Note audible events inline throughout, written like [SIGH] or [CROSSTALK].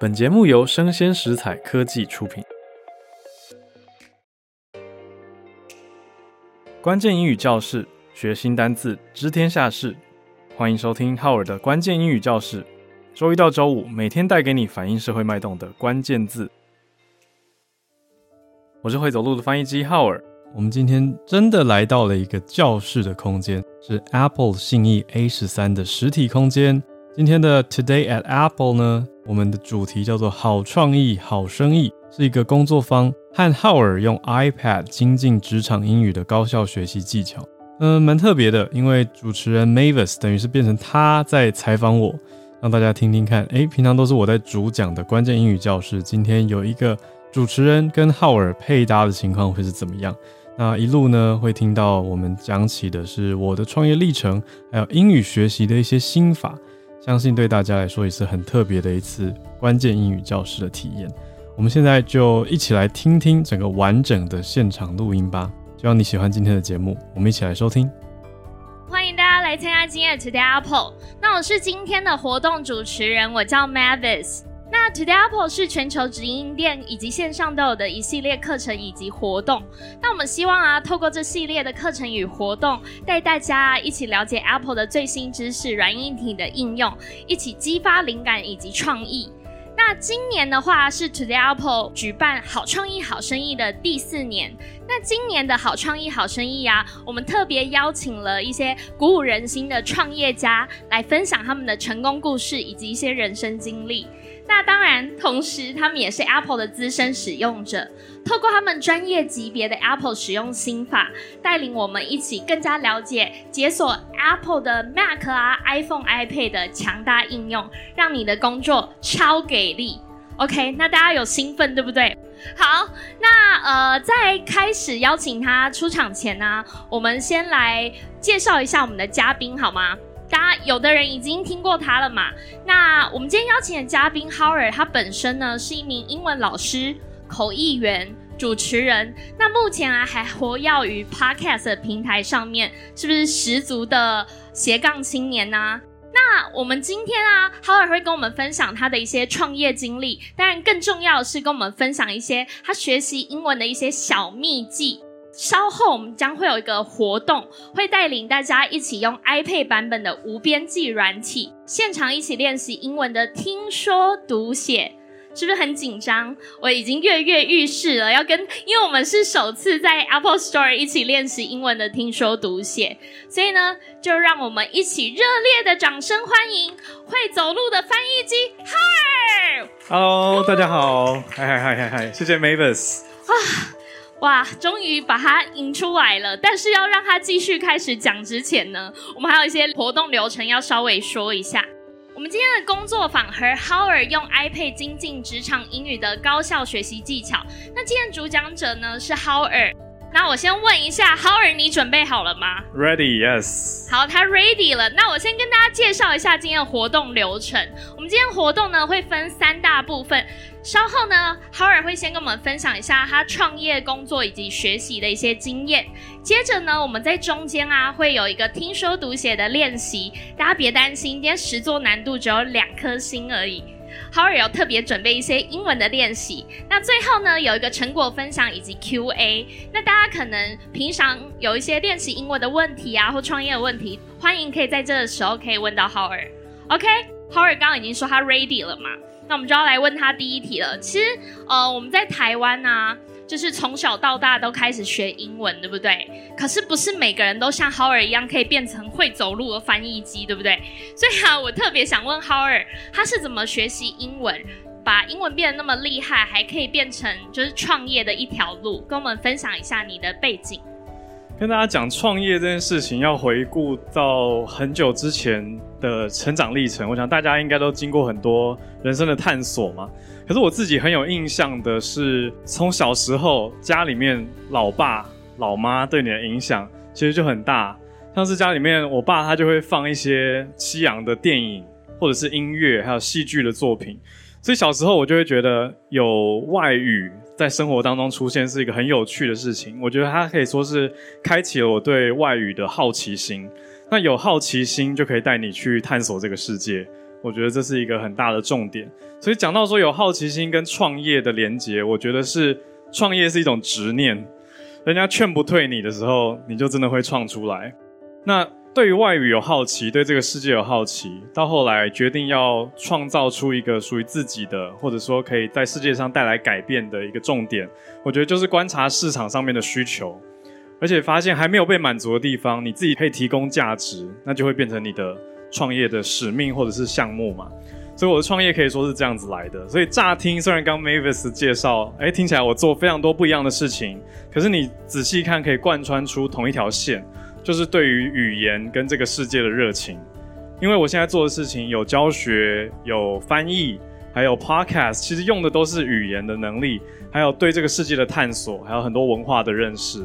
本節目由生鮮食材科技出品。關鍵英語教室，學新單詞，知天下事。歡迎收聽浩爾的關鍵英語教室。周一到周五，每天帶給你反映社會脈動的關鍵字。我是會走路的翻譯機浩爾。我們今天真的來到了一個教室的空間，是 Apple 信義 A 十三的實體空間。今天的 Today at Apple 呢，我們的主題叫做“好創意，好生意”，是一個工作坊，和浩爾用 iPad 精進職場英語的高效學習技巧，嗯，蠻特別的。因為主持人 Mavis 等於是變成他在採訪我，讓大家聽聽看。誒，平常都是我在主講的關鍵英語教室，今天有一個主持人跟浩爾配搭的情況會是怎麼樣？那一路呢，會聽到我們講起的是我的創業歷程，還有英語學習的一些心法。相信對大家來說也是很特別的一次關鍵英語教室的體驗。我們現在就一起來聽聽整個完整的現場錄音吧。希望你喜歡今天的節目，我們一起來收聽。歡迎大家來參加今天的 Today at Apple，那我是今天的活動主持人，我叫 Mavis。那 Today Apple 是全球直營店以及線上都有的一系列課程以及活動。那我們希望啊，透過這系列的課程與活動，帶大家一起了解 Apple 的最新知識、軟硬體的應用，一起激發靈感以及創意。那今年的話啊，是 Today Apple 舉辦“好創意好生意”的第四年。那今年的好創意好生意啊，我們特別邀請了一些鼓舞人心的創業家來分享他們的成功故事以及一些人生經歷。那當然，同時他們也是 Apple 的資深使用者，透過他們專業級別的 Apple 使用心法，帶領我們一起更加了解解鎖 Apple 的 Mac 啊、iPhone、iPad 的強大應用，讓你的工作超給力。OK，那大家有興奮，對不對？好，那呃，在開始邀請他出場前呢、啊，我們先來介紹一下我們的嘉賓，好嗎？大家有的人已經聽過他了嘛？那我們今天邀請的嘉賓浩爾，他本身呢是一名英文老師、口譯員、主持人，那目前啊還活躍於 podcast 的平台上面，是不是十足的斜槓青年啊？那我們今天啊，浩爾會跟我們分享他的一些創業經歷，當然更重要的是跟我們分享一些他學習英文的一些小秘技。稍後我們將會有一個活動，會帶領大家一起用 iPad 版本的無邊記軟體，現場一起練習英文的聽說讀寫，是不是很緊張？我已經躍躍欲試了，要跟因為我們是首次在 Apple Store 一起練習英文的聽說讀寫，所以呢，就讓我們一起熱烈的掌聲歡迎會走路的翻譯機！Hi，Hello，Oh. 大家好，嗨嗨嗨嗨嗨，謝謝 Mavis。 [LAUGHS] 哇，終於把他引出來了！但是要讓他繼續開始講之前呢，我們還有一些活動流程要稍微說一下。我們今天的工作坊和 Howard 用 iPad 精進職場英語的高效學習技巧。那今天主講者呢是 Howard。那我先問一下 Howard，你準備好了嗎？Ready？Yes。Ready, yes. 好，他 Ready 了。那我先跟大家介紹一下今天的活動流程。我們今天活動呢會分三大部分。稍後呢，浩爾會先跟我們分享一下他創業、工作以及學習的一些經驗。接着呢，我們在中間啊會有一個聽說讀寫的練習，大家別擔心，今天實作難度只有兩顆星而已。浩爾有特別準備一些英文的練習。那最後呢，有一個成果分享以及 QA。那大家可能平常有一些練習英文的問題啊，或創業的問題，歡迎可以在這個時候可以問到浩爾。OK，浩爾剛剛已經說他 ready 了嘛？那我們就要來問他第一題了。其實，呃，我們在台灣啊，就是從小到大都開始學英文，對不對？可是不是每個人都像 Howard 一樣可以變成會走路的翻譯機，對不對？所以啊，我特別想問 Howard，他是怎麼學習英文，把英文變得那麼厲害，還可以變成就是創業的一條路，跟我們分享一下你的背景。跟大家講創業這件事情，要回顧到很久之前，的成長歷程，我想大家應該都經過很多人生的探索嘛。可是我自己很有印象的是，從小時候家裡面，老爸老媽對你的影響其實就很大。像是家裡面，我爸他就會放一些西洋的電影，或者是音樂，還有戲劇的作品。所以小時候我就會覺得，有外語在生活當中出現是一個很有趣的事情。我覺得它可以說是開啟了我對外語的好奇心。那有好奇心就可以帶你去探索這個世界，我覺得這是一個很大的重點。所以講到說有好奇心跟創業的連結，我覺得是創業是一種執念。人家勸不退你的時候，你就真的會創出來。那對於外語有好奇，對這個世界有好奇，到後來決定要創造出一個屬於自己的，或者說可以在世界上帶來改變的一個重點，我覺得就是觀察市場上面的需求。而且發現還沒有被滿足的地方，你自己可以提供價值，那就會變成你的創業的使命或者是項目嘛。所以我的創業可以說是這樣子來的。所以乍聽雖然剛剛 Mavis 介紹，哎，聽起來我做非常多不一樣的事情，可是你仔細看可以貫穿出同一條線，就是對於語言跟這個世界的熱情。因為我現在做的事情有教學、有翻譯，還有 Podcast，其實用的都是語言的能力，還有對這個世界的探索，還有很多文化的認識。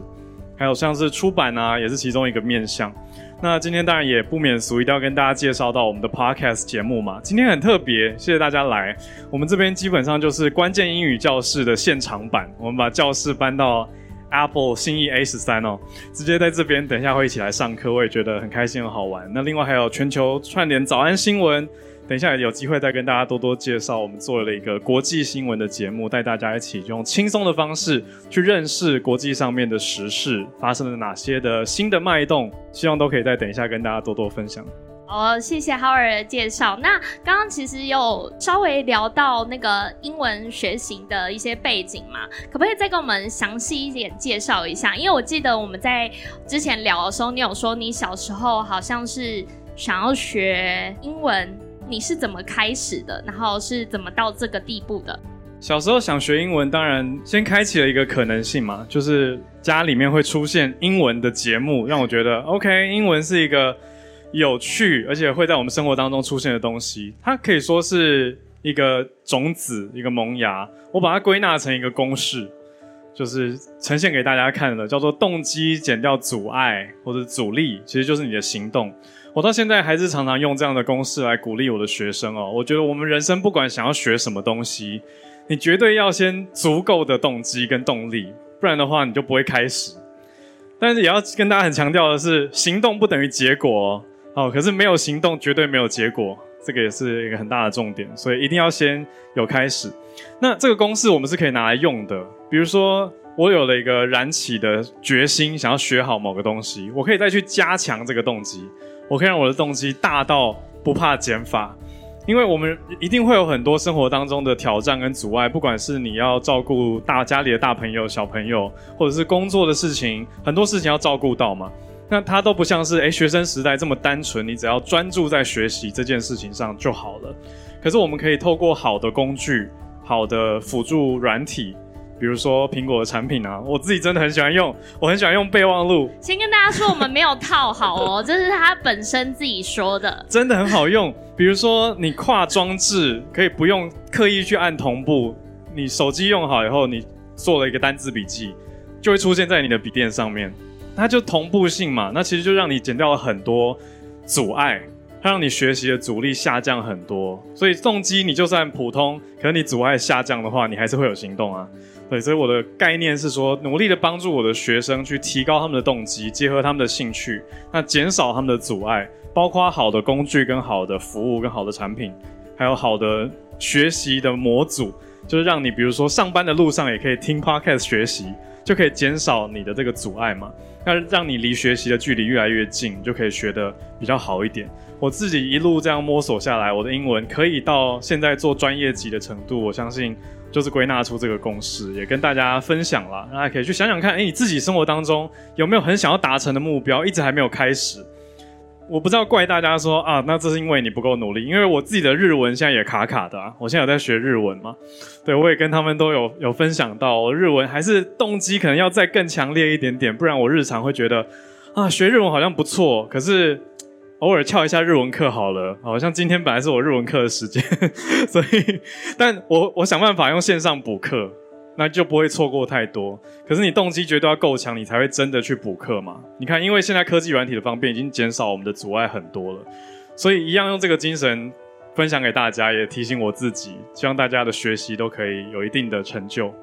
還有像是出版啊，也是其中一個面向。那今天當然也不免俗，一定要跟大家介紹到我們的 podcast 節目嘛。今天很特別，謝謝大家來。我們這邊基本上就是關鍵英語教室的現場版，我們把教室搬到 Apple 信義 A13 哦，直接在這邊。等一下會一起來上課，我也覺得很開心，很好玩。那另外還有全球串聯早安新聞。等一下，有機會再跟大家多多介紹。我們做了一個國際新聞的節目，帶大家一起用輕鬆的方式去認識國際上面的時事發生了哪些的新的脈動。希望都可以再等一下跟大家多多分享。哦，謝謝浩爾的介紹。那剛剛其實有稍微聊到那個英文學習的一些背景嘛，可不可以再跟我們詳細一點介紹一下？因為我記得我們在之前聊的時候，你有說你小時候好像是想要學英文。你是怎麼開始的？然後是怎麼到這個地步的？小時候想學英文，當然先開啟了一個可能性嘛，就是家裡面會出現英文的節目，讓我覺得 OK，英文是一個有趣而且會在我們生活當中出現的東西。它可以說是一個種子，一個萌芽。我把它歸納成一個公式，就是呈現給大家看的，叫做動機減掉阻礙或者阻力，其實就是你的行動。我到現在還是常常用這樣的公式來鼓勵我的學生哦。我覺得我們人生不管想要學什麼東西，你絕對要先足夠的動機跟動力，不然的話你就不會開始。但是也要跟大家很強調的是，行動不等於結果哦。哦，可是沒有行動絕對沒有結果，這個也是一個很大的重點。所以一定要先有開始。那這個公式我們是可以拿來用的。比如說，我有了一個燃起的決心，想要學好某個東西，我可以再去加強這個動機。我可以讓我的動機大到不怕減法，因為我們一定會有很多生活當中的挑戰跟阻礙，不管是你要照顧大家裡的大朋友、小朋友，或者是工作的事情，很多事情要照顧到嘛。那它都不像是誒、欸、學生時代這麼單純，你只要專注在學習這件事情上就好了。可是我們可以透過好的工具、好的輔助軟體。比如說蘋果的產品啊，我自己真的很喜歡用，我很喜歡用備忘錄。先跟大家說，我們沒有套好哦， [LAUGHS] 這是他本身自己說的。真的很好用，比如說你跨裝置，可以不用刻意去按同步。你手機用好以後，你做了一個單字筆記，就會出現在你的筆電上面。它就同步性嘛，那其實就讓你減掉了很多阻礙，它讓你學習的阻力下降很多。所以動機你就算普通，可是你阻礙下降的話，你還是會有行動啊。對，所以我的概念是說，努力的幫助我的學生去提高他們的動機，結合他們的興趣，那減少他們的阻礙，包括好的工具、跟好的服務、跟好的產品，還有好的學習的模組，就是讓你比如說上班的路上也可以聽 Podcast 學習，就可以減少你的這個阻礙嘛。那讓你離學習的距離越來越近，就可以學得比較好一點。我自己一路這樣摸索下來，我的英文可以到現在做專業級的程度，我相信。就是歸納出這個公式，也跟大家分享了，大家可以去想想看，誒、欸，你自己生活當中有沒有很想要達成的目標，一直還沒有開始？我不知道怪大家說啊，那這是因為你不夠努力，因為我自己的日文現在也卡卡的啊，我現在有在學日文嘛？對，我也跟他們都有有分享到、哦，日文還是動機可能要再更強烈一點點，不然我日常會覺得啊，學日文好像不錯，可是。偶爾翹一下日文課好了，好像今天本來是我日文課的時間，所以，但我我想辦法用線上補課，那就不會錯過太多。可是你動機絕對要夠強，你才會真的去補課嘛。你看，因為現在科技軟體的方便，已經減少我們的阻礙很多了，所以一樣用這個精神分享給大家，也提醒我自己，希望大家的學習都可以有一定的成就。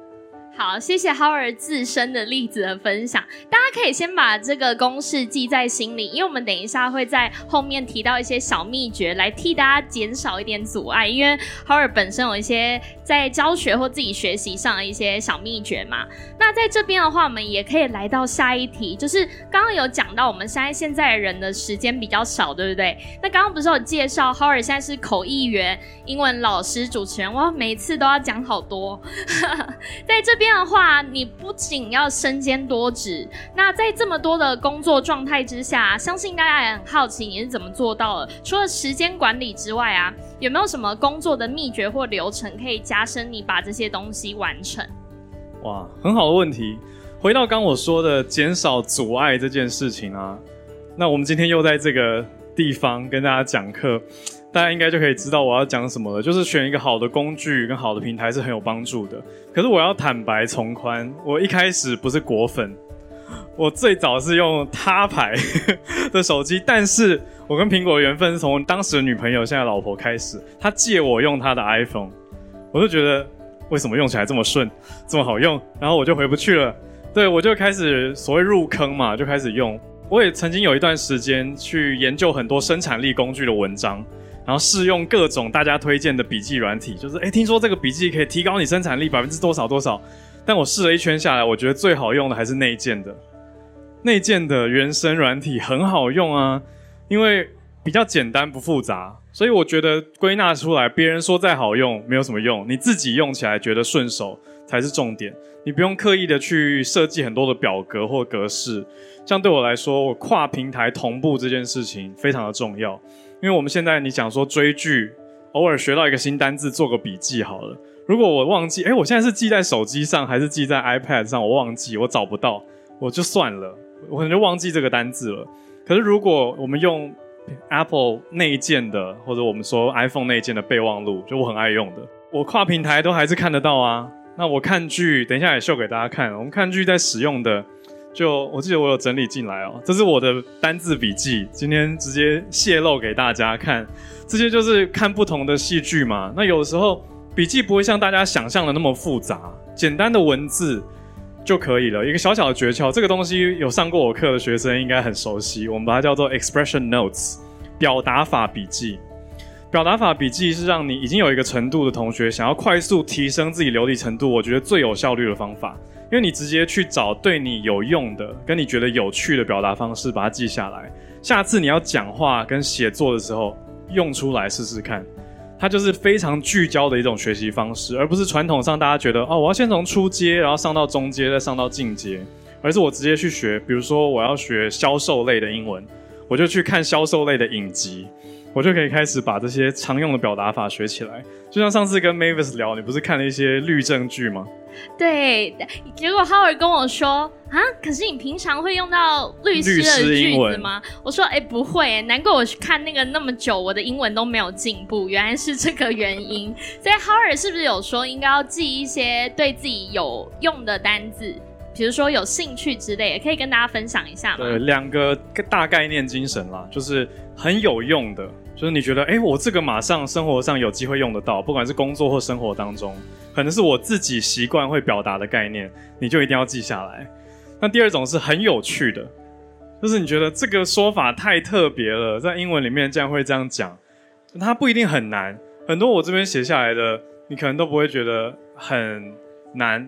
好，謝謝浩爾自身的例子的分享，大家可以先把這個公式記在心裡，因為我們等一下會在後面提到一些小秘訣來替大家減少一點阻礙，因為浩爾本身有一些在教學或自己學習上的一些小秘訣嘛。那在這邊的話，我們也可以來到下一題，就是剛剛有講到我們現在現在人的時間比較少，對不對？那剛剛不是有介紹浩爾現在是口譯員、英文老師、主持人，哇，每次都要講好多， [LAUGHS] 在這邊。這樣的話，你不僅要身兼多職，那在這麼多的工作狀態之下，相信大家也很好奇你是怎麼做到的。除了時間管理之外啊，有沒有什麼工作的秘訣或流程可以加深你把這些東西完成？哇，很好的問題。回到剛剛我說的減少阻礙這件事情啊，那我們今天又在這個地方跟大家講課。大家應該就可以知道我要講什麼了，就是選一個好的工具跟好的平台是很有幫助的。可是我要坦白從寬，我一開始不是果粉，我最早是用他牌的手機，但是我跟蘋果的緣分是從當時的女朋友現在老婆開始，她借我用她的 iPhone，我就覺得為什麼用起來這麼順，這麼好用，然後我就回不去了，對，我就開始所謂入坑嘛，就開始用。我也曾經有一段時間去研究很多生產力工具的文章。然後試用各種大家推薦的筆記軟體，就是誒，聽說這個筆記可以提高你生產力百分之多少多少。但我試了一圈下來，我覺得最好用的還是內建的，內建的原生軟體很好用啊，因為比較簡單不複雜，所以我覺得歸納出來，別人說再好用沒有什麼用，你自己用起來覺得順手才是重點。你不用刻意的去設計很多的表格或格式，像對我來說，我跨平台同步這件事情非常的重要。因為我們現在你想說追劇，偶爾學到一個新單字，做個筆記好了。如果我忘記，哎、欸，我現在是記在手機上還是記在 iPad 上？我忘記，我找不到，我就算了，我可能就忘記這個單字了。可是如果我們用 Apple 內建的，或者我們說 iPhone 內建的備忘錄，就我很愛用的，我跨平台都還是看得到啊。那我看劇，等一下也秀給大家看，我們看劇在使用的。就我記得我有整理進來哦，這是我的單字筆記，今天直接泄露給大家看。這些就是看不同的戲劇嘛。那有時候筆記不會像大家想象的那麼複雜，簡單的文字就可以了。一個小小的訣竅，這個東西有上過我課的學生應該很熟悉，我們把它叫做 expression notes，表達法筆記。表達法筆記是讓你已經有一個程度的同學，想要快速提升自己流利程度，我覺得最有效率的方法。因為你直接去找對你有用的，跟你覺得有趣的表達方式，把它記下來。下次你要講話跟寫作的時候用出來試試看，它就是非常聚焦的一種學習方式，而不是傳統上大家覺得哦，我要先從初階，然後上到中階，再上到進階，而是我直接去學。比如說，我要學銷售類的英文，我就去看銷售類的影集。我就可以開始把這些常用的表達法學起來。就像上次跟 Mavis 聊，你不是看了一些律政劇嗎？對。結果浩爾跟我說啊，可是你平常會用到律師的句子嗎？我說哎、欸、不會、欸，難怪我看那個那麼久，我的英文都沒有進步，原來是這個原因。 [LAUGHS] 所以浩爾是不是有說應該要記一些對自己有用的單字？比如說有興趣之類的，也可以跟大家分享一下嗎？對，兩個大概念精神啦，就是很有用的。就是你覺得，哎、欸，我這個馬上生活上有機會用得到，不管是工作或生活當中，可能是我自己習慣會表達的概念，你就一定要記下來。那第二種是很有趣的，就是你覺得這個說法太特別了，在英文裡面竟然會這樣講，它不一定很難。很多我這邊寫下來的，你可能都不會覺得很難。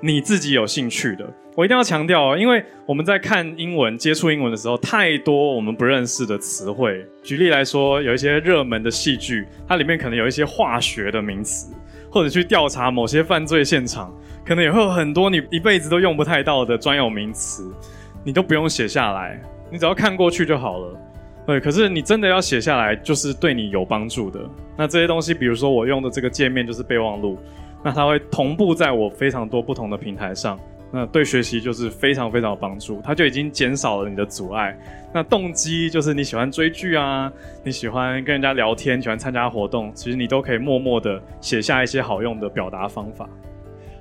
你自己有興趣的，我一定要強調哦，因為我們在看英文、接觸英文的時候，太多我們不認識的詞彙。舉例來說，有一些熱門的戲劇，它裡面可能有一些化學的名詞，或者去調查某些犯罪現場，可能也會有很多你一輩子都用不太到的專有名詞，你都不用寫下來，你只要看過去就好了。對，可是你真的要寫下來，就是對你有幫助的。那這些東西，比如說我用的這個界面，就是備忘錄。那它會同步在我非常多不同的平台上，那對學習就是非常非常有幫助。它就已經減少了你的阻礙。那動機就是你喜歡追劇啊，你喜歡跟人家聊天，喜歡參加活動，其實你都可以默默地寫下一些好用的表達方法。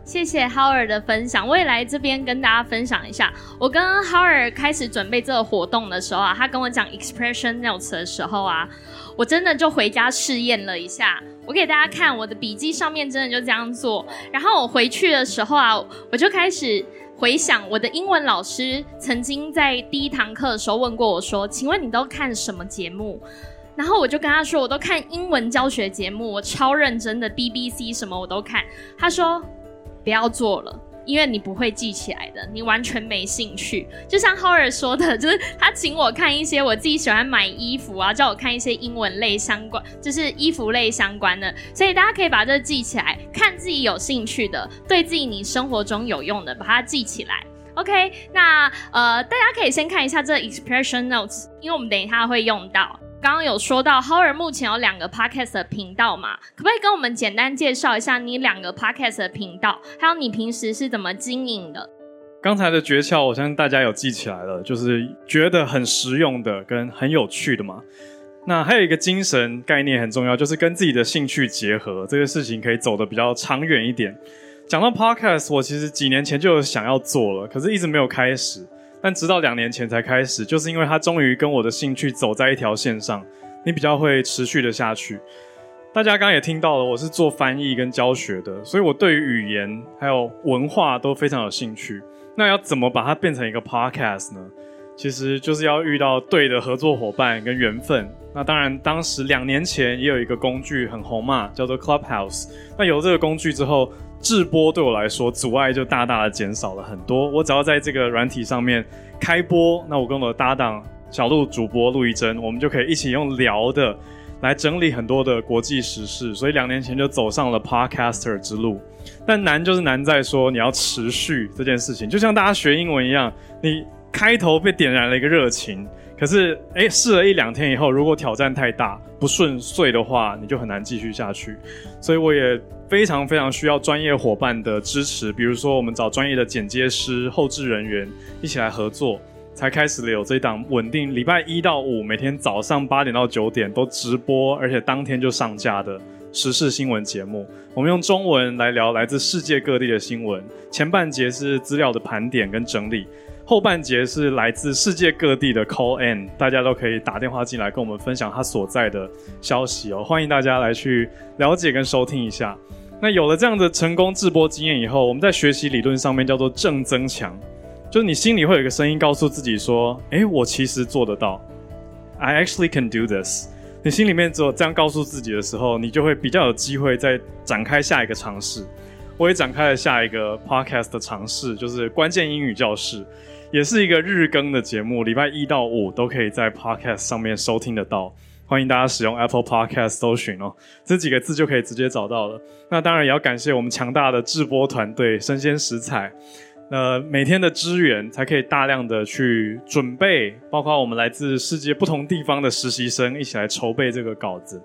謝謝 h o w e r d 的分享。我也來這邊跟大家分享一下。我跟 h o w e r d 開始準備這個活動的時候啊，他跟我講 expression 那詞的時候啊。我真的就回家試驗了一下，我給大家看我的筆記上面真的就這樣做。然後我回去的時候啊，我就開始回想我的英文老師曾經在第一堂課的時候問過我說：“請問你都看什麼節目？”然後我就跟他說：“我都看英文教學節目，我超認真的，BBC 什麼我都看。”他說：“不要做了。”因為你不會記起來的，你完全沒興趣。就像浩爾說的，就是他請我看一些我自己喜歡買衣服啊，叫我看一些英文類相關，就是衣服類相關的。所以大家可以把這個記起來，看自己有興趣的，對自己你生活中有用的，把它記起來。OK，那呃，大家可以先看一下這個 Expression Notes，因為我們等一下會用到。剛剛有說到，浩爾目前有兩個 podcast 的頻道嘛？可不可以跟我們簡單介紹一下你兩個 podcast 的頻道，還有你平時是怎麼經營的？剛才的訣竅，我相信大家有記起來了，就是覺得很實用的，跟很有趣的嘛。那還有一個精神概念很重要，就是跟自己的興趣結合，這個事情可以走得比較長遠一點。講到 podcast，我其實幾年前就有想要做了，可是一直沒有開始。但直到兩年前才開始，就是因為他終於跟我的興趣走在一條線上，你比較會持續的下去。大家剛剛也聽到了，我是做翻譯跟教學的，所以我對於語言還有文化都非常有興趣。那要怎麼把它變成一個 podcast 呢？其實就是要遇到對的合作夥伴跟緣分。那當然，當時兩年前也有一個工具很紅嘛，叫做 Clubhouse。那有了這個工具之後。直播對我來說，阻礙就大大的減少了很多。我只要在這個軟體上面開播，那我跟我的搭檔小鹿主播陸一真，我們就可以一起用聊的來整理很多的國際時事。所以兩年前就走上了 Podcaster 之路。但難就是難在說你要持續這件事情，就像大家學英文一樣，你開頭被點燃了一個熱情，可是誒，誒試了一兩天以後，如果挑戰太大不順遂的話，你就很難繼續下去。所以我也。非常非常需要專業夥伴的支持，比如說我們找專業的剪接師、後製人員一起來合作，才開始了有這檔穩定禮拜一到五每天早上八點到九點都直播，而且當天就上架的時事新聞節目。我們用中文來聊來自世界各地的新聞，前半節是資料的盤點跟整理。後半節是來自世界各地的 call in，大家都可以打電話進來跟我們分享他所在的消息哦，歡迎大家來去了解跟收聽一下。那有了這樣的成功直播經驗以後，我們在學習理論上面叫做正增強，就是你心裡會有一個聲音告訴自己說：“誒，我其實做得到，I actually can do this。”你心裡面只有這樣告訴自己的時候，你就會比較有機會再展開下一個嘗試。我也展開了下一個 podcast 的嘗試，就是關鍵英語教室。也是一個日更的節目，禮拜一到五都可以在 Podcast 上面收聽得到，歡迎大家使用 Apple Podcast 搜尋哦，這幾個字就可以直接找到了。那當然也要感謝我們強大的制播團隊、聲鮮時采，呃，每天的支援才可以大量的去準備，包括我們來自世界不同地方的實習生一起來籌備這個稿子，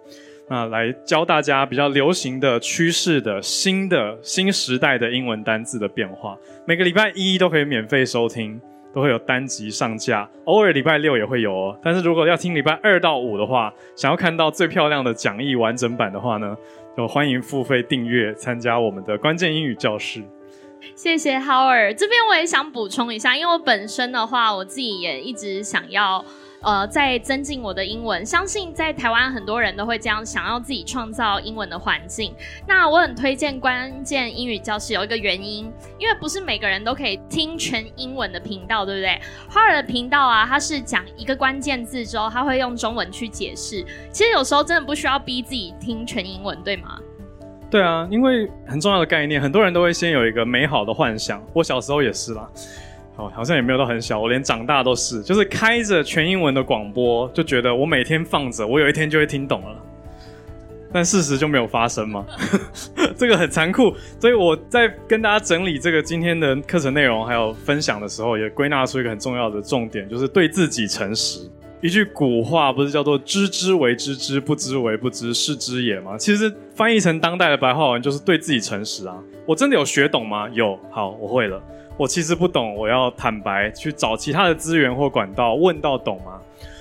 那來教大家比較流行的趨勢的新的新時代的英文單字的變化，每個禮拜一都可以免費收聽。都會有單集上架，偶爾禮拜六也會有哦。但是如果要聽禮拜二到五的話，想要看到最漂亮的講義完整版的話呢，就歡迎付費訂閱參加我們的關鍵英語教室。謝謝 Howard，這邊我也想補充一下，因為我本身的話，我自己也一直想要。呃，在增進我的英文，相信在台灣很多人都會這樣，想要自己創造英文的環境。那我很推薦關鍵英語教室，有一個原因，因為不是每個人都可以聽全英文的頻道，對不對？浩爾的頻道啊，它是講一個關鍵字之後，他會用中文去解釋。其實有時候真的不需要逼自己聽全英文，對嗎？對啊，因為很重要的概念，很多人都會先有一個美好的幻想。我小時候也是啦。哦，好像也沒有到很小，我連長大都是，就是開着全英文的廣播，就覺得我每天放着，我有一天就會聽懂了。但事實就沒有發生嘛。 [LAUGHS] 這個很殘酷，所以我在跟大家整理這個今天的課程內容還有分享的時候，也歸納出一個很重要的重點，就是對自己誠實。一句古話不是叫做“知之為知之，不知為不知，是知也”嗎？其實翻譯成當代的白話文就是對自己誠實啊！我真的有學懂嗎？有，好，我會了。我其實不懂，我要坦白去找其他的資源或管道問到懂嗎？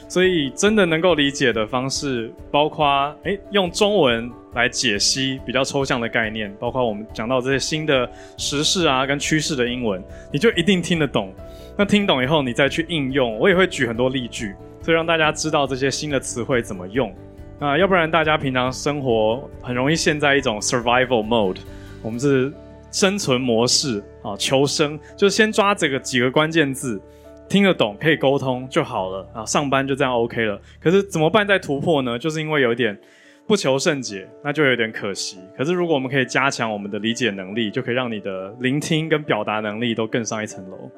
所以真的能夠理解的方式，包括誒、欸、用中文來解析比較抽象的概念，包括我們講到這些新的時事啊跟趨勢的英文，你就一定聽得懂。那聽懂以後，你再去應用，我也會舉很多例句。所以讓大家知道這些新的詞彙怎麼用，啊，要不然大家平常生活很容易陷在一種 survival mode，我們是生存模式啊，求生，就是先抓這個幾個關鍵字聽得懂可以溝通就好了啊，上班就這樣 OK 了。可是怎麼辦再突破呢？就是因為有點不求甚解，那就有點可惜。可是如果我們可以加強我們的理解能力，就可以讓你的聆聽跟表達能力都更上一層樓。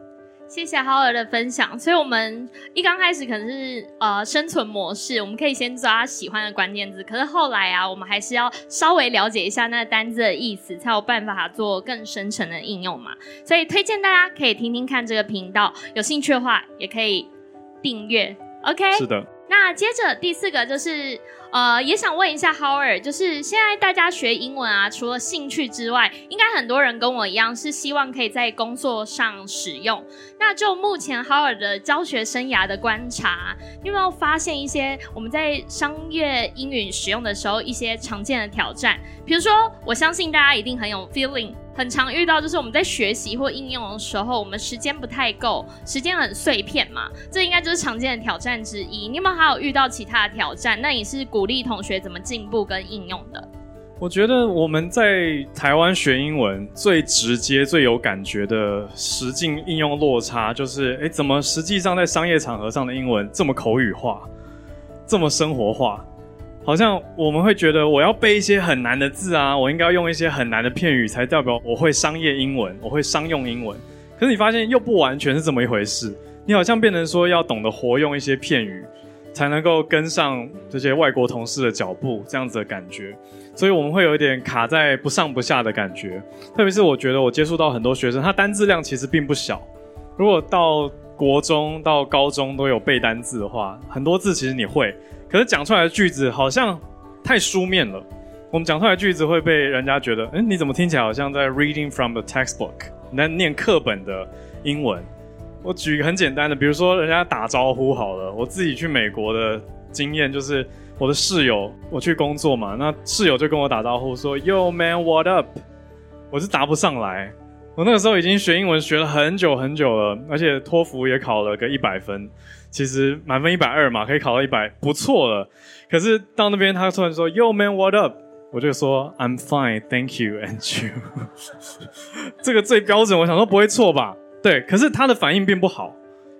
謝謝浩爾的分享，所以我們一剛開始可能是呃生存模式，我們可以先抓喜歡的關鍵詞，可是後來啊，我們還是要稍微了解一下那個單字的意思，才有辦法做更深層的應用嘛。所以推薦大家可以聽聽看這個頻道，有興趣的話也可以訂閱。OK？是的。那接着第四個就是，呃，也想問一下 Howard 就是現在大家學英文啊，除了興趣之外，應該很多人跟我一樣是希望可以在工作上使用。那就目前 Howard 的教學生涯的觀察，你有沒有發現一些我們在商業英語使用的時候一些常見的挑戰？比如說，我相信大家一定很有 feeling。很常遇到，就是我們在學習或應用的時候，我們時間不太夠，時間很碎片嘛，這應該就是常見的挑戰之一。你有沒有還有遇到其他的挑戰？那你是鼓勵同學怎麼進步跟應用的？我覺得我們在台灣學英文最直接、最有感覺的實際應用落差，就是哎，怎麼實際上在商業場合上的英文這麼口語化，這麼生活化。好像我們會覺得我要背一些很難的字啊，我應該要用一些很難的片語，才代表我會商業英文，我會商用英文。可是你發現又不完全是這麼一回事，你好像變成說要懂得活用一些片語，才能夠跟上這些外國同事的腳步，這樣子的感覺。所以我們會有一點卡在不上不下的感覺，特別是我覺得我接觸到很多學生，他單字量其實並不小。如果到國中、到高中都有背單字的話，很多字其實你會。可是講出來的句子好像太書面了，我們講出來的句子會被人家覺得，欸，你怎麼聽起來好像在 reading from the textbook，你在念課本的英文。我舉一個很簡單的，比如說人家打招呼好了，我自己去美國的經驗就是，我的室友，我去工作嘛，那室友就跟我打招呼說，Yo man, what up？我是答不上來，我那個時候已經學英文學了很久很久了，而且托福也考了個一百分。其實滿分一百二嘛，可以考到一百，不錯了。可是到那邊，他突然說：“Yo man, what up？” 我就說：“I'm fine, thank you and you。 [LAUGHS] ”這個最標準，我想說不會錯吧？對，可是他的反應並不好。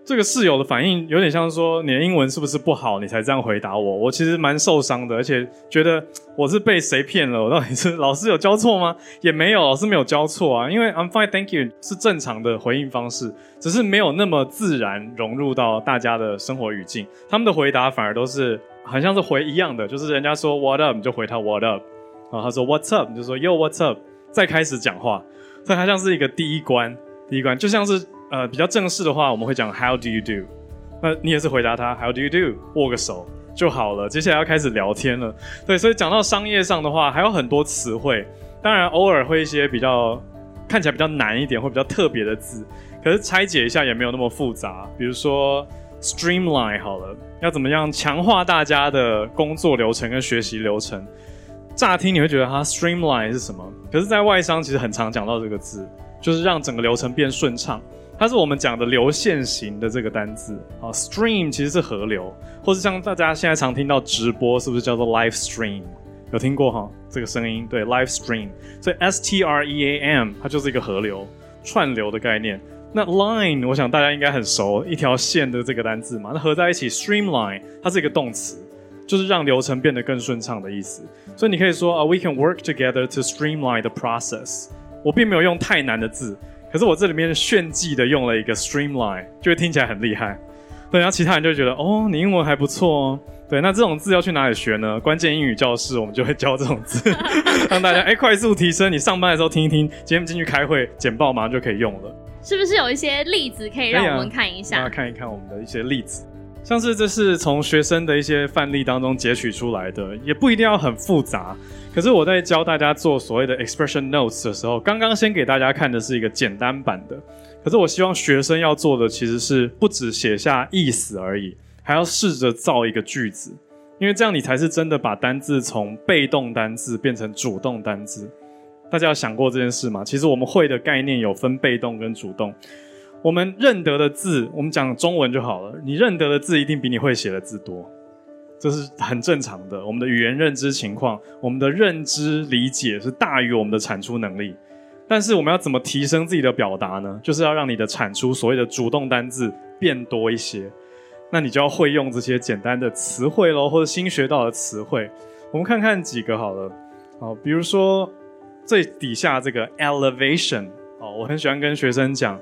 這個室友的反應有點像說：“你的英文是不是不好？你才這樣回答我。”我其實蠻受傷的，而且覺得我是被誰騙了？我到底是老師有教錯嗎？也沒有，老師沒有教錯啊。因為 “I'm fine, thank you” 是正常的回應方式，只是沒有那麼自然融入到大家的生活語境。他們的回答反而都是好像是回一樣的，就是人家說 “What up”，你就回他 “What up”，然後他說 “What's up”，你就說 “Yo, What's up”，再開始講話。所以它好像是一個第一關，第一關就像是。呃，比較正式的話，我們會講 How do you do？那你也是回答他 How do you do？握個手就好了。接下來要開始聊天了，對，所以講到商業上的話，還有很多詞彙。當然，偶爾會一些比較看起來比較難一點，或比較特別的字，可是拆解一下也沒有那麼複雜。比如說 streamline 好了，要怎麼樣強化大家的工作流程跟學習流程？乍聽你會覺得它 streamline 是什麼？可是，在外商其實很常講到這個字，就是讓整個流程變順暢。它是我們講的流線型的這個單字啊，stream 其實是河流，或是像大家現在常聽到直播，是不是叫做 live stream？有聽過哈？這個聲音對，live stream。所以 S T R E A M 它就是一個河流串流的概念。那 line 我想大家應該很熟，一條線的這個單字嘛。那合在一起 streamline 它是一個動詞，就是讓流程變得更順暢的意思。所以你可以說啊, uh, we can work together to streamline the process。我並沒有用太難的字。可是我這裡面炫技的用了一個 streamline，就會聽起來很厲害。對，然後其他人就會覺得哦，你英文還不錯哦。對，那這種字要去哪裡學呢？關鍵英語教室我們就會教這種字， [LAUGHS] 讓大家哎、欸、快速提升。你上班的時候聽一聽，今天進去開會簡報馬上就可以用了。是不是有一些例子可以讓我們看一下？大家、啊、看一看我們的一些例子。像是這是從學生的一些範例當中截取出來的，也不一定要很複雜。可是我在教大家做所謂的 expression notes 的時候，剛剛先給大家看的是一個簡單版的。可是我希望學生要做的其實是不只寫下意思而已，還要試着造一個句子，因為這樣你才是真的把單字從被動單字變成主動單字。大家有想過這件事嗎？其實我們會的概念有分被動跟主動。我們認得的字，我們講中文就好了。你認得的字一定比你會寫的字多，這是很正常的。我們的語言認知情況，我們的認知理解是大於我們的產出能力。但是我們要怎麼提升自己的表達呢？就是要讓你的產出所謂的主動單字變多一些。那你就要會用這些簡單的詞彙嘍，或者新學到的詞彙。我們看看幾個好了，好，比如說最底下這個 elevation，啊，我很喜歡跟學生講。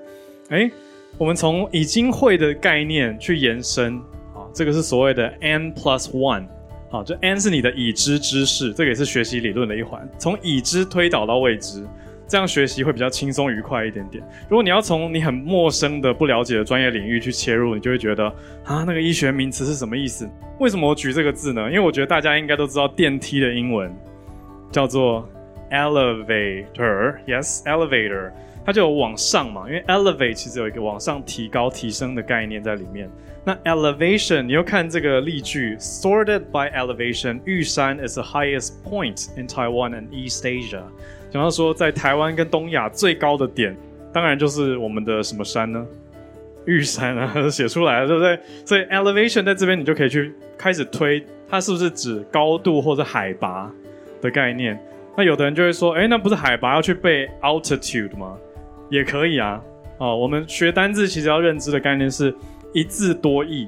哎，我們從已經會的概念去延伸，啊，這個是所謂的 N plus one，好，就 n 是你的已知知識，這個也是學習理論的一環，從已知推導到未知，這樣學習會比較輕鬆愉快一點點。如果你要從你很陌生的、不了解的專業領域去切入，你就會覺得啊，那個醫學名詞是什麼意思？為什麼我舉這個字呢？因為我覺得大家應該都知道電梯的英文叫做 elevator，yes，elevator。它就有往上嘛，因為 elevate 其實有一個往上提高、提升的概念在裡面。那 elevation 你又看這個例句，sorted by elevation，玉山 is the highest point in Taiwan and East Asia。想要說，在台灣跟東亞最高的點，當然就是我們的什麼山呢？玉山啊，寫出來了，對不對？所以 elevation 在這邊你就可以去開始推，它是不是指高度或者海拔的概念？那有的人就會說，誒，那不是海拔要去背 altitude 嗎？也可以啊，哦，我們學單字其實要認知的概念是一字多義，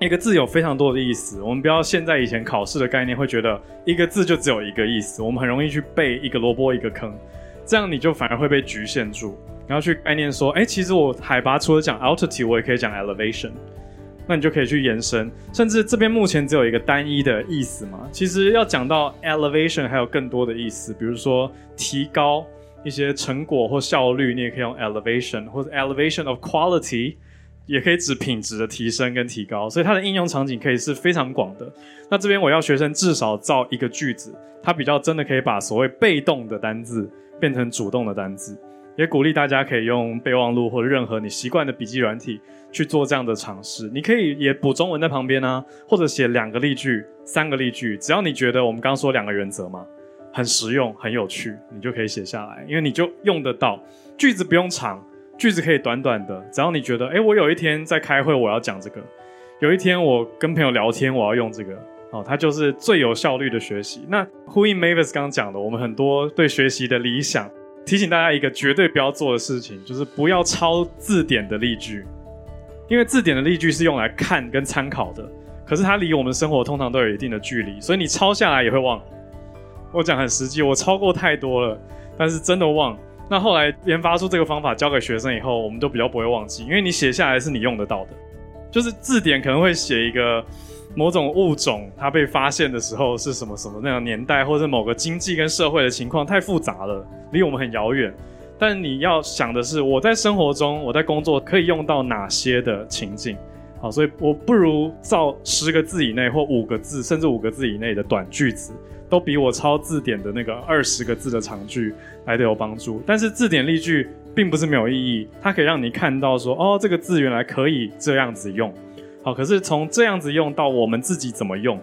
一個字有非常多的意思。我們不要現在以前考試的概念，會覺得一個字就只有一個意思。我們很容易去背一個蘿蔔一個坑，這樣你就反而會被局限住。然後去概念說，哎，其實我海拔除了講 altitude，我也可以講 elevation，那你就可以去延伸。甚至這邊目前只有一個單一的意思嘛？其實要講到 elevation 還有更多的意思，比如說提高。一些成果或效率，你也可以用 elevation 或者 elevation of quality，也可以指品質的提升跟提高，所以它的應用場景可以是非常廣的。那這邊我要學生至少造一個句子，它比較真的可以把所謂被動的單字變成主動的單字，也鼓勵大家可以用備忘錄或者任何你習慣的筆記軟體去做這樣的嘗試。你可以也補中文在旁邊啊，或者寫兩個例句、三個例句，只要你覺得我們剛剛說兩個原則嘛。很實用，很有趣，你就可以寫下來，因為你就用得到。句子不用長，句子可以短短的，只要你覺得，誒，我有一天在開會，我要講這個；有一天我跟朋友聊天，我要用這個。哦，它就是最有效率的學習。那呼應 Mavis 剛剛講的，我們很多對學習的理想，提醒大家一個絕對不要做的事情，就是不要抄字典的例句，因為字典的例句是用來看跟參考的，可是它離我們生活通常都有一定的距離，所以你抄下來也會忘。我講很實際，我抄過太多了，但是真的忘。那後來研發出這個方法，教給學生以後，我們都比較不會忘記，因為你寫下來是你用得到的。就是字典可能會寫一個某種物種，它被發現的時候是什麼什麼那樣年代，或者是某個經濟跟社會的情況太複雜了，離我們很遙遠。但你要想的是，我在生活中，我在工作可以用到哪些的情境。好，所以我不如造十個字以內或五個字，甚至五個字以內的短句子，都比我抄字典的那個二十個字的長句來得有幫助。但是字典例句並不是沒有意義，它可以讓你看到說，哦，這個字原來可以這樣子用。好，可是從這樣子用到我們自己怎麼用，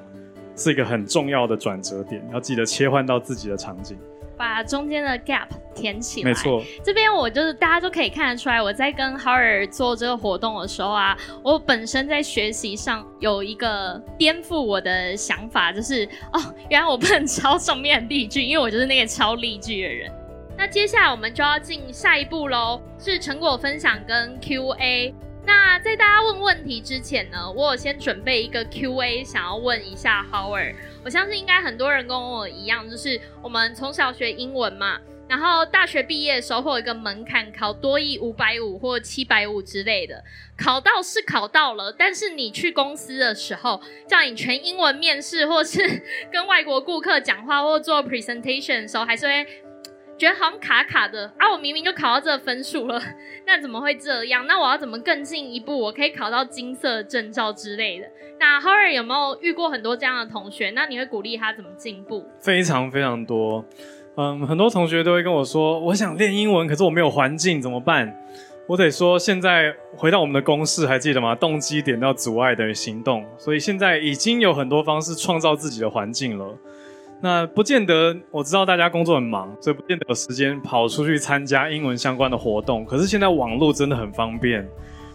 是一個很重要的轉折點，要記得切換到自己的場景。把中間的 gap 填起來沒錯。沒錯，這邊我就是大家都可以看得出來，我在跟 Howard 做這個活動的時候啊，我本身在學習上有一個顛覆我的想法，就是哦，原來我不能抄上面例句，因為我就是那個抄例句的人。那接下來我們就要進下一步嘍，是成果分享跟 Q A。那在大家問問題之前呢，我有先準備一個 Q A，想要問一下 Howard。我相信應該很多人跟我一樣，就是我們從小學英文嘛，然後大學畢業的時候會有一個門檻，考多益五百五或七百五之類的，考到是考到了，但是你去公司的時候，叫你全英文面試，或是跟外國顧客講話或做 presentation 的時候，還是會覺得好像卡卡的啊。我明明就考到這個分數了，那怎麼會這樣？那我要怎麼更進一步？我可以考到金色證照之類的？那浩爾有沒有遇過很多這樣的同學？那你會鼓勵他怎麼進步？非常非常多，嗯，很多同學都會跟我說：“我想練英文，可是我沒有環境，怎麼辦？”我得說，現在回到我們的公式，還記得嗎？動機點到阻礙等於行動。所以現在已經有很多方式創造自己的環境了。那不見得，我知道大家工作很忙，所以不見得有時間跑出去參加英文相關的活動。可是現在網絡真的很方便，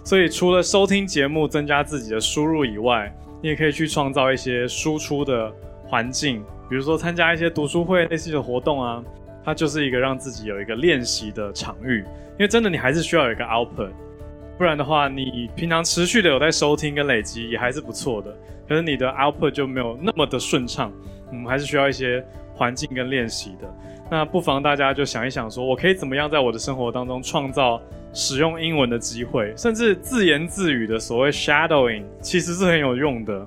所以除了收聽節目增加自己的輸入以外，你也可以去創造一些輸出的環境，比如說參加一些讀書會類似的活動啊，它就是一個讓自己有一個練習的場域。因為真的你還是需要有一個 output，不然的話，你平常持續的有在收聽跟累積也還是不錯的，可是你的 output 就沒有那麼的順暢。我們、嗯、還是需要一些環境跟練習的。那不妨大家就想一想，說我可以怎麼樣在我的生活當中創造使用英文的機會，甚至自言自語的所謂 shadowing，其實是很有用的。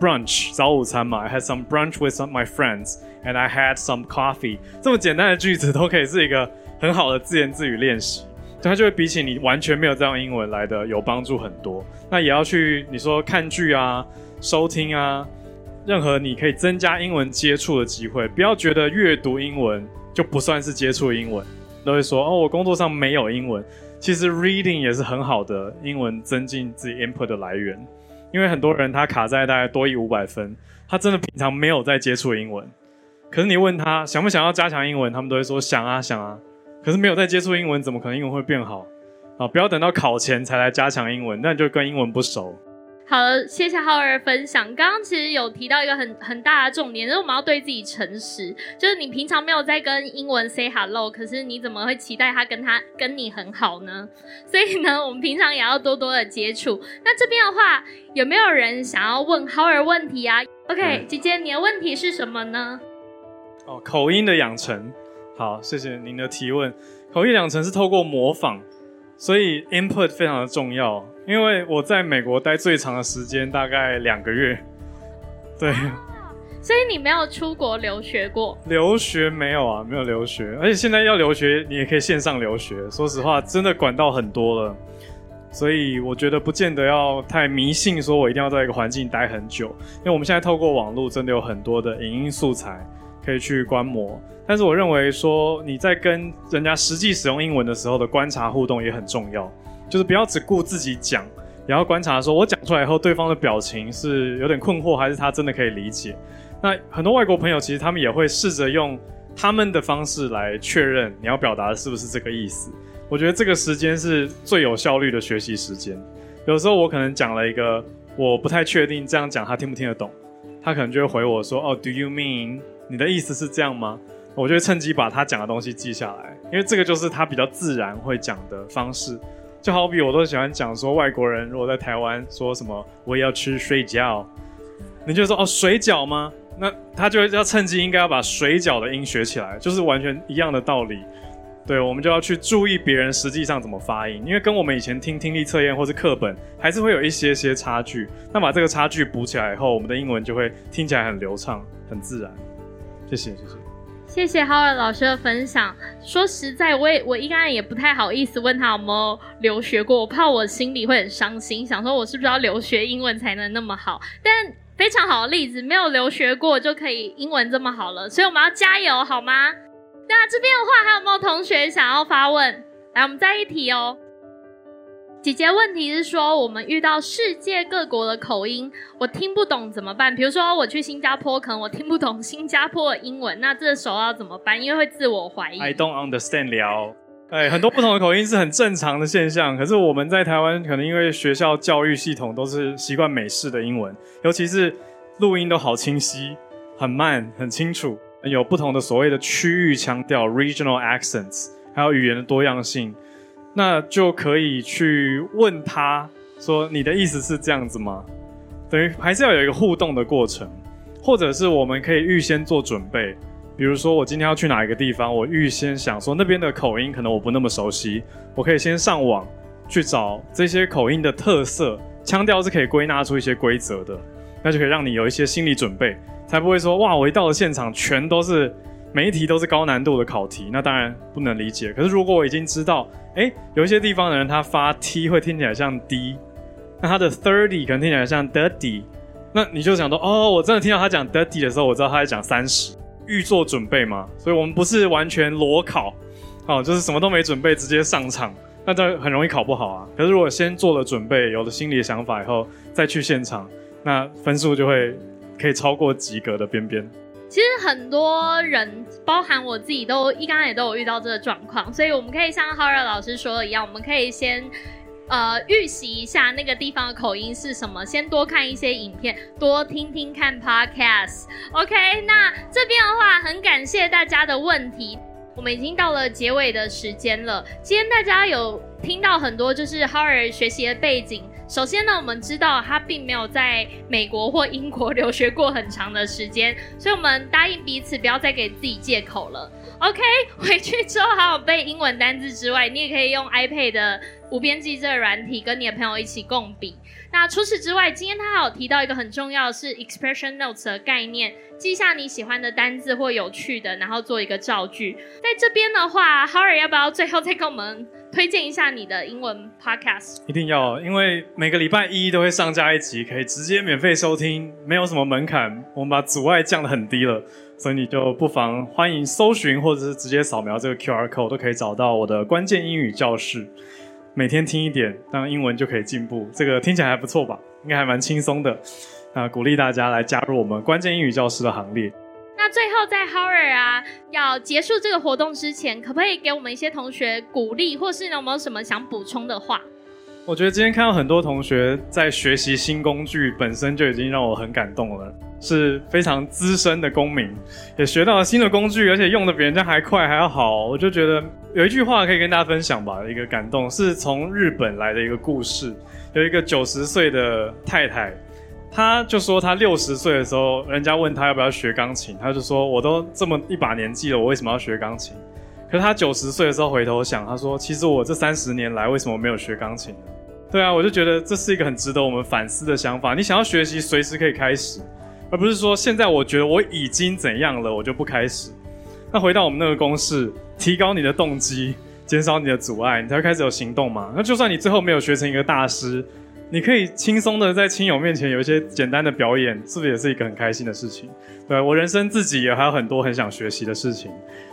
Brunch 早午餐嘛，I had some brunch with some of my friends, and I had some coffee。這麼簡單的句子都可以是一個很好的自言自語練習，就它就會比起你完全沒有這樣英文來的有幫助很多。那也要去你說看劇啊、收聽啊，任何你可以增加英文接觸的機會。不要覺得閱讀英文就不算是接觸英文。都會說哦，我工作上沒有英文，其實 reading 也是很好的英文增進自己 input 的來源。因為很多人他卡在大概多益五百分，他真的平常沒有在接觸英文，可是你問他想不想要加強英文，他們都會說想啊想啊，可是沒有在接觸英文，怎麼可能英文會變好啊？不要等到考前才來加強英文，那你就跟英文不熟。好了，謝謝浩爾的分享。剛剛其實有提到一個很很大的重點，就是我們要對自己誠實。就是你平常沒有在跟英文 say hello，可是你怎麼會期待他跟他跟你很好呢？所以呢，我們平常也要多多的接觸。那這邊的話，有沒有人想要問浩爾問題啊？OK，嗯，姐姐，你的問題是什麼呢？哦，口音的養成。好，謝謝您的提問。口音養成是透過模仿，所以 input 非常的重要。因為我在美國待最長的時間大概兩個月，對，所以你沒有出國留學過？留學沒有啊，沒有留學，而且現在要留學，你也可以線上留學。說實話，真的管道很多了，所以我覺得不見得要太迷信，說我一定要在一個環境待很久。因為我們現在透過網絡，真的有很多的影音素材可以去觀摩。但是我認為說你在跟人家實際使用英文的時候的觀察互動也很重要。就是不要只顧自己講，然後觀察說，我講出來以後，對方的表情是有點困惑，還是他真的可以理解？那很多外國朋友其實他們也會試着用他們的方式來確認你要表達的是不是這個意思。我覺得這個時間是最有效率的學習時間。有時候我可能講了一個，我不太確定這樣講他聽不聽得懂，他可能就會回我說：“哦，Do you mean？你的意思是這樣嗎？”我就會趁機把他講的東西記下來，因為這個就是他比較自然會講的方式。就好比我都喜歡講說，外國人如果在台灣說什麼，我也要去睡覺，你就說哦，水餃嗎？那他就要趁機應該要把水餃的音學起來，就是完全一樣的道理。對，我們就要去注意別人實際上怎麼發音，因為跟我們以前聽聽力測驗或是課本還是會有一些些差距。那把這個差距補起來以後，我們的英文就會聽起來很流暢、很自然。謝謝，謝謝。謝謝浩爾老師的分享。說實在，我也我應該也不太好意思問他，有沒有留學過，我怕我心裡會很傷心，想說，我是不是要留學英文才能那麼好？但非常好的例子，沒有留學過就可以英文這麼好了，所以我們要加油，好嗎？那這邊的話，還有沒有同學想要發問？來，我們再一題哦。姐姐，問題是說我們遇到世界各國的口音，我聽不懂怎麼辦？比如說我去新加坡，可能我聽不懂新加坡的英文，那這時候要怎麼辦？因為會自我懷疑。I don't understand 聊，哎、欸，很多不同的口音是很正常的現象。 [LAUGHS] 可是我們在台灣，可能因為學校教育系統都是習慣美式的英文，尤其是錄音都好清晰、很慢、很清楚，有不同的所謂的區域腔調 （regional accents），還有語言的多樣性。那就可以去問他，說，你的意思是這樣子嗎？等於還是要有一個互動的過程，或者是我們可以預先做準備，比如說我今天要去哪一個地方，我預先想說那邊的口音可能我不那麼熟悉，我可以先上網去找這些口音的特色，腔調是可以歸納出一些規則的，那就可以讓你有一些心理準備，才不會說哇，我一到了現場全都是。每一題都是高難度的考題，那當然不能理解。可是如果我已經知道，哎、欸，有一些地方的人他發 T 會聽起來像 D，那他的 Thirty 可能聽起來像 dirty，那你就想說，哦，我真的聽到他講 dirty 的時候，我知道他在講三十。預做準備嘛，所以我們不是完全裸考，哦，就是什麼都沒準備直接上場，那這很容易考不好啊。可是如果先做了準備，有了心理的想法以後再去現場，那分數就會可以超過及格的邊邊。其實很多人，包含我自己都，都一剛剛也都有遇到這個狀況，所以我們可以像浩爾老師說的一樣，我們可以先，呃，預習一下那個地方的口音是什麼，先多看一些影片，多聽聽看 podcast。OK，那這邊的話，很感謝大家的問題，我們已經到了結尾的時間了。今天大家有聽到很多就是浩爾學習的背景。首先呢，我們知道他並沒有在美國或英國留學過很長的時間，所以我們答應彼此不要再給自己借口了。OK，回去之後還有背英文單字之外，你也可以用 iPad 的無邊記這個軟體跟你的朋友一起共筆。那除此之外，今天他還有提到一個很重要的是 expression notes 的概念，記下你喜歡的單字或有趣的，然後做一個造句。在這邊的話，浩爾要不要最後再給我們推薦一下你的英文 podcast？一定要，因為每個禮拜一都會上架一集，可以直接免費收聽，沒有什麼門檻，我們把阻礙降得很低了，所以你就不妨歡迎搜尋或者是直接掃描這個 QR code，都可以找到我的關鍵英語教室。每天聽一點，當英文就可以進步，這個聽起來還不錯吧？應該還蠻輕鬆的，啊，鼓勵大家來加入我們關鍵英語教室的行列。那最後在浩爾啊，要結束這個活動之前，可不可以給我們一些同學鼓勵，或是你有沒有什麼想補充的話？我覺得今天看到很多同學在學習新工具，本身就已經讓我很感動了。是非常資深的公民，也學到了新的工具，而且用得比人家還快，還要好。我就覺得有一句話可以跟大家分享吧，一個感動是從日本來的一個故事。有一個九十歲的太太，她就說她六十歲的時候，人家問她要不要學鋼琴，她就說我都這麼一把年紀了，我為什麼要學鋼琴？可是她九十歲的時候回頭想，她說其實我這三十年來為什麼沒有學鋼琴？對啊，我就覺得這是一個很值得我們反思的想法。你想要學習，隨時可以開始。而不是說現在我覺得我已經怎樣了，我就不開始。那回到我們那個公式，提高你的動機，減少你的阻礙，你才會開始有行動嘛。那就算你最後沒有學成一個大師，你可以輕鬆的在親友面前有一些簡單的表演，是不是也是一個很開心的事情？對我人生自己也還有很多很想學習的事情，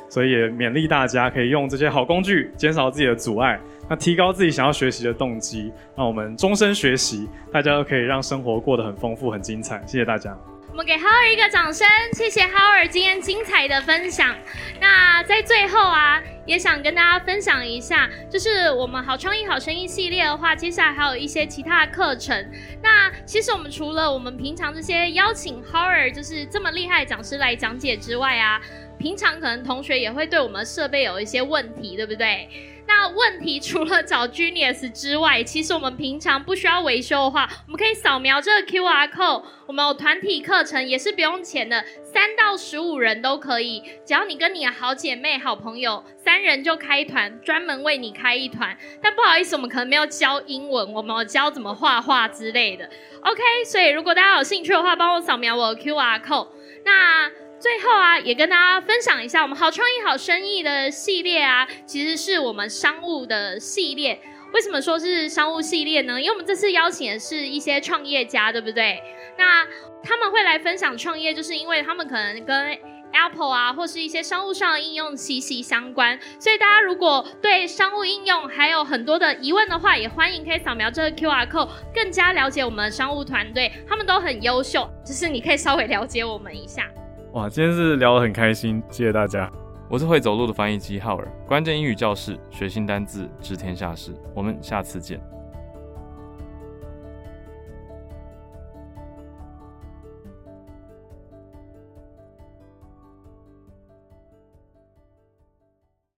所以也勉勵大家可以用這些好工具減少自己的阻礙，那提高自己想要學習的動機，讓我們終身學習，大家都可以讓生活過得很豐富、很精彩。謝謝大家。我們給浩爾一個掌聲，謝謝浩爾今天精彩的分享。那在最後啊，也想跟大家分享一下，就是我們好創意好生意系列的話，接下來還有一些其他的課程。那其實我們除了我們平常這些邀請浩爾就是這麼厲害的講師來講解之外啊。平常可能同學也會對我們設備有一些問題，對不對？那問題除了找 Genius 之外，其實我們平常不需要維修的話，我們可以掃描這個 QR code。我們有團體課程也是不用錢的，三到十五人都可以，只要你跟你的好姐妹、好朋友三人就開一團，專門為你開一團。但不好意思，我們可能沒有教英文，我們有教怎麼畫畫之類的。OK，所以如果大家有興趣的話，幫我掃描我的 QR code。那。最後啊，也跟大家分享一下我們好創意好生意的系列啊，其實是我們商務的系列。為什麼說是商務系列呢？因為我們這次邀請的是一些創業家，對不對？那他們會來分享創業，就是因為他們可能跟 Apple 啊或是一些商務上的應用息息相關。所以大家如果對商務應用還有很多的疑問的話，也歡迎可以掃描這個 QR code，更加了解我們商務團隊，他們都很優秀，只、就是你可以稍微了解我們一下。哇，今天是聊得很開心，謝謝大家。我是會走路的翻譯機浩爾，關鍵英語教室，學新單字，知天下事。我們下次見。